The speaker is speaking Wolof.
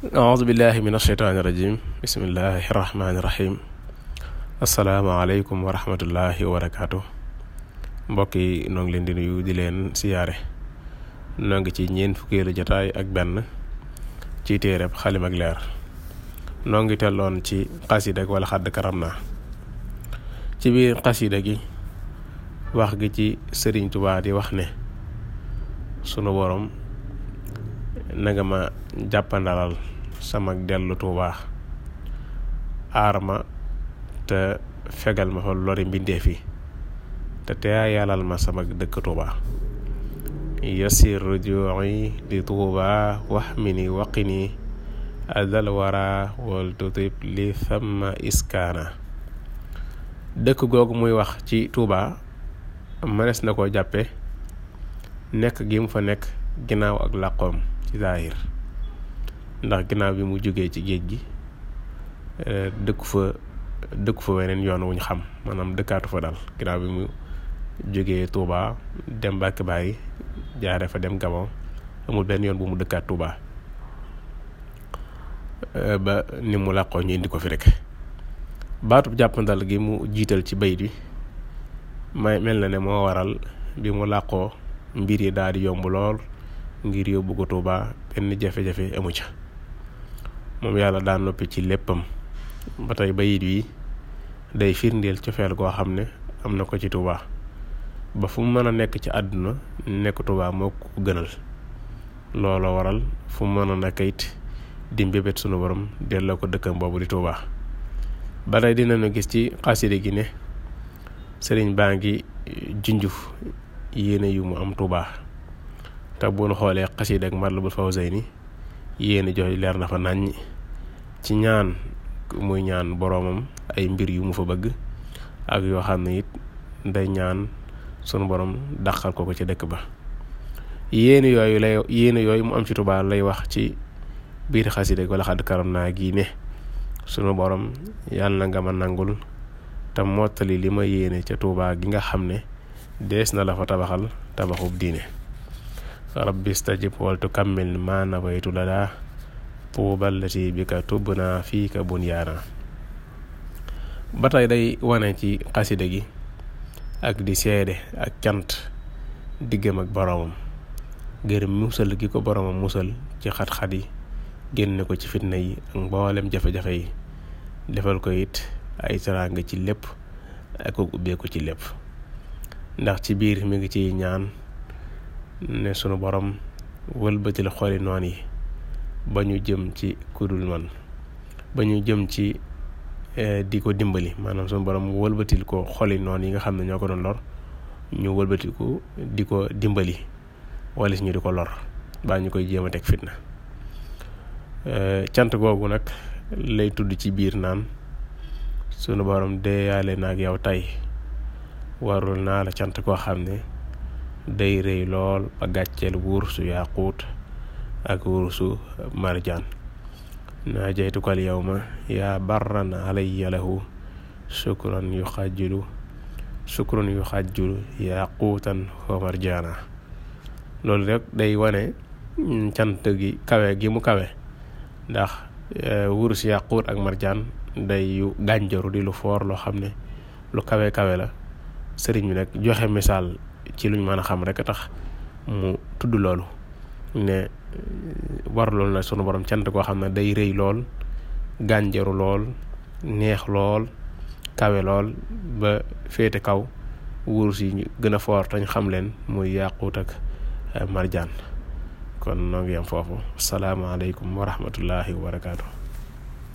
aoudubillahi min asheytaani irajim bismillahi irrahmaani irrahim asalaamaaleykum wa rahmatullahi wa barakaatu mbokk yi noo leen di nuyu di leen siyaare noo ngi ci ñeent fukkeelu jotaay ak benn ci téereb xalim ak leer noo ngi telloon ci xasida wala xadd karam naa ci biir xasida gi wax gi ci sëriñ Tuubaa di wax ne sunu borom na nga ma jàppandalal sama dellu Tuubaa aar ma te fegal ma fa lori mbindeef yi te teeyalal ma sama dëkk Tuubaa yasir rujuu'i li Tuubaa ni waqini adal wara wal tutib li thamma iskaana dëkk googu muy wax ci tuuba mënees na koo jàppe nekk gi mu fa nekk ginnaaw ak làqoom ci zaahir ndax ginnaaw bi mu jógee ci géej gi euh, dëkku fa dëkku fa weneen yoon wuñ xam maanaam dëkkaatu fa daal ginnaaw bi mu jógee Touba dem Mbàkke Bari jaare fa dem Gabon amul benn yoon bu mu dëkkaat Touba euh, ba ni mu làqoo ñu indi ko fi rek baatub jàppandal gi mu jiital ci bayit bi may mel na ne moo waral bi mu làqoo mbir yi daal yomb lool ngir yóbbu ko Touba benn jafe-jafe amu ca moom yàlla daa noppi ci léppam ba tey bayit wi day firndeel cofeel goo xam ne am na ko ci Tuubaa ba fu mën a nekk ci àdduna nekk Tuubaa moo ko gënal looloo waral fu mën a nekk kayit di mbébét sunu borom la ko dëkkam boobu di Tuubaa ba tey dinañu gis ci xaside gi ne sëriñ baa ngi junjuf yéene yu mu am Tuubaa te bu nu xoolee xaside ak Matlabul Fawzayni yéene jooy leer na fa nàññ ci ñaan muy ñaan boroomam ay mbir yu mu fa bëgg ak yoo xam ne it day ñaan sunu boroom dàqal ko ko ca dëkk ba yéene yooyu lay yéene yooyu mu am ci Tuubaa lay wax ci biir xasida wala xadd karam naa gii ne sunu borom yàlla na nga ma nangul te mottali li ma yéene ca Tuubaa gi nga xam ne dees na la fa tabaxal tabaxub diine rabbi stajib waltu kammil maa nawaytu ladaa tuuballati bi ka tubb naa fii ka bunyaana ba tey day wane ci xasida gi ak di seede ak cant diggam ak boroomam ngir musal gi ko boroomam musal ci xat-xat yi génne ko ci fitna yi ak mboolem jafe-jafe yi defal ko it ay teraanga ci lépp ak ubbeeku ci lépp ndax ci biir mu ngi ciy ñaan ne sunu borom wëlbatil xooli noon yi ba ñu jëm ci kudul man ba ñu jëm ci eh, di ko dimbali maanaam sunu borom wëlbatil ko xooli noon yi nga xam ne ñoo ko doon lor ñu wëlbatiku di ko dimbali wala ñu di ko lor baa ñu koy jéem a teg fitna eh, cant googu nag lay tudd ci biir naan sunu borom deeyaale na ak yow tey warul naa la cant koo xam ne. day rëy lool ba gàcceel wursu yaquut ak wursu marjaan naajaytukal yawma yaa barran alayya lahu sukran yu xajjilu sukran yu xajjilu yaquutan wa marjaana loolu rek day wane cant gi kawe gi mu kawe ndax eh, wurus yaquut ak marjaan day yu gànjaru di lu foor loo xam ne lu kawe kawe la sëriñ bi nag joxe misaal ci lu luñ mën a xam rek a tax mu tudd loolu ne war loolu na sunu borom cant koo xam ne day rëy lool gànjaru lool neex lool kawe lool ba féete kaw wurus yi gën a foor tañ xam leen muy yàquut ak eh, marjaan kon noo ngi yam foofu salaamaaleykum wa rahmatullahi wa barakaatu